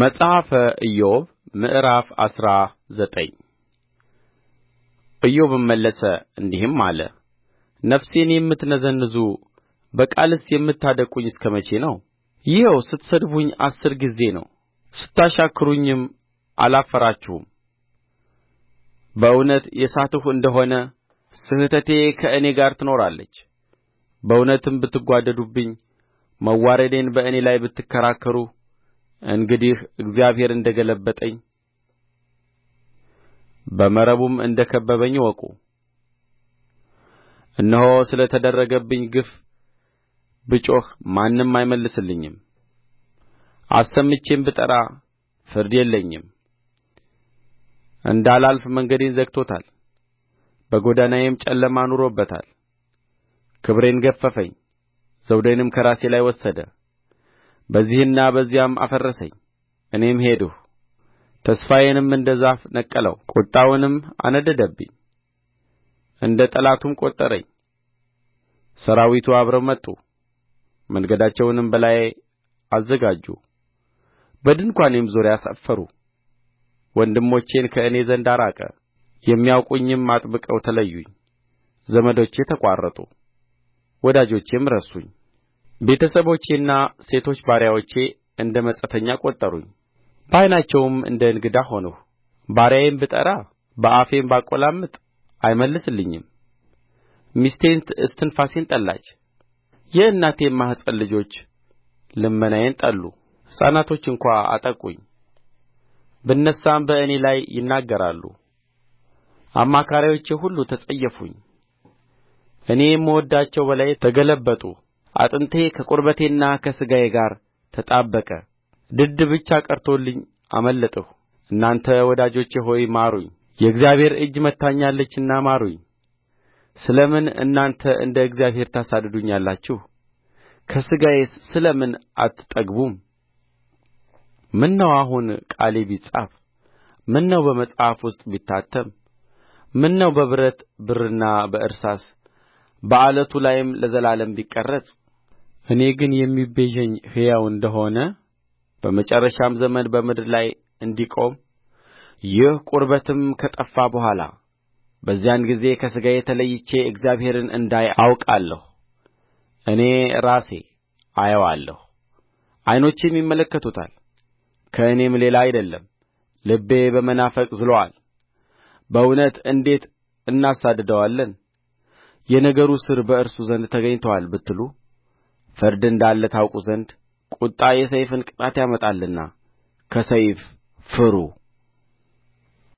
መጽሐፈ ኢዮብ ምዕራፍ አስራ ዘጠኝ ኢዮብም መለሰ እንዲህም አለ ነፍሴን የምትነዘንዙ በቃልስ የምታደቅቁኝ እስከ መቼ ነው? ይኸው ስትሰድቡኝ አሥር ጊዜ ነው፣ ስታሻክሩኝም አላፈራችሁም። በእውነት የሳትሁ እንደሆነ ስሕተቴ ከእኔ ጋር ትኖራለች። በእውነትም ብትጓደዱብኝ፣ መዋረዴን በእኔ ላይ ብትከራከሩ እንግዲህ እግዚአብሔር እንደ ገለበጠኝ በመረቡም እንደ ከበበኝ እወቁ እነሆ ስለ ተደረገብኝ ግፍ ብጮኽ ማንም አይመልስልኝም አሰምቼም ብጠራ ፍርድ የለኝም እንዳላልፍ መንገዴን ዘግቶታል በጎዳናዬም ጨለማ አኑሮበታል ክብሬን ገፈፈኝ ዘውዴንም ከራሴ ላይ ወሰደ በዚህና በዚያም አፈረሰኝ እኔም ሄድሁ ተስፋዬንም እንደ ዛፍ ነቀለው ቍጣውንም አነደደብኝ እንደ ጠላቱም ቈጠረኝ ሠራዊቱ አብረው መጡ መንገዳቸውንም በላዬ አዘጋጁ በድንኳኔም ዙሪያ ሰፈሩ ወንድሞቼን ከእኔ ዘንድ አራቀ የሚያውቁኝም አጥብቀው ተለዩኝ ዘመዶቼ ተቋረጡ ወዳጆቼም ረሱኝ ቤተሰቦቼና ሴቶች ባሪያዎቼ እንደ መጻተኛ ቈጠሩኝ በዓይናቸውም እንደ እንግዳ ሆንሁ ባሪያዬን ብጠራ በአፌም ባቈላምጥ አይመልስልኝም ሚስቴን እስትንፋሴን ጠላች የእናቴም ማኅፀን ልጆች ልመናዬን ጠሉ ሕፃናቶች እንኳ አጠቁኝ ብነሣም በእኔ ላይ ይናገራሉ አማካሪዎቼ ሁሉ ተጸየፉኝ እኔ የምወድዳቸው በላዬ ተገለበጡ አጥንቴ ከቁርበቴና ከሥጋዬ ጋር ተጣበቀ ድድ ብቻ ቀርቶልኝ አመለጥሁ እናንተ ወዳጆቼ ሆይ ማሩኝ የእግዚአብሔር እጅ መትታኛለችና ማሩኝ ስለ ምን እናንተ እንደ እግዚአብሔር ታሳድዱኛላችሁ ከሥጋዬስ ስለ ምን አትጠግቡም ምነው አሁን ቃሌ ቢጻፍ ምነው በመጽሐፍ ውስጥ ቢታተም ምነው በብረት ብርና በእርሳስ በዓለቱ ላይም ለዘላለም ቢቀረጽ እኔ ግን የሚቤዠኝ ሕያው እንደ ሆነ በመጨረሻም ዘመን በምድር ላይ እንዲቆም ይህ ቁርበትም ከጠፋ በኋላ በዚያን ጊዜ ከሥጋዬ ተለይቼ እግዚአብሔርን እንዳይ አውቃለሁ። እኔ ራሴ አየዋለሁ፣ ዐይኖቼም ይመለከቱታል፣ ከእኔም ሌላ አይደለም። ልቤ በመናፈቅ ዝሎአል። በእውነት እንዴት እናሳድደዋለን? የነገሩ ሥር በእርሱ ዘንድ ተገኝቶአል ብትሉ ፍርድ እንዳለ ታውቁ ዘንድ ቍጣ የሰይፍን ቅጣት ያመጣልና ከሰይፍ ፍሩ